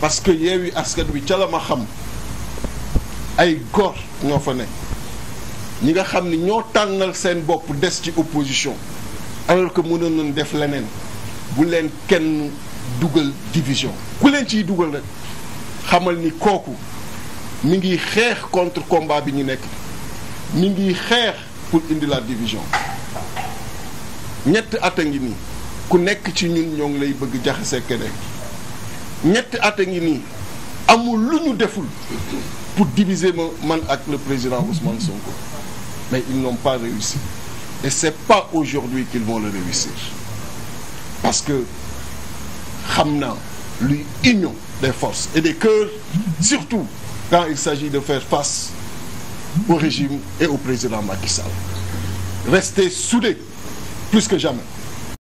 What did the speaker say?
parce que Yewwi Askan Wi ca la ma xam ay góor ñoo fa ne ñi nga xam ni ñoo tànnal seen bopp des ci opposition alors que mënoon nañ def leneen bu leen kenn dugal division ku leen ciy dugal rek xamal ni kooku mu ngi xeex contre combat bi ñu nekk mi ngi xeex pour indi la division ñett at a ngi nii ku nekk ci ñun ñoo ngi lay bëgg jaxase keneen. ñetti at a ngi nii amul lu ñu deful pour diviser ma man ak le président Ousmane Sonko mais ils n'ont pas réussi et c'est pas aujourd'hui qu'ils vont le réussir parce que xam naa luy union des forces et des cœurs surtout quand il s'agit de faire face au régime et au président Macky Sall rester soudés plus que jamais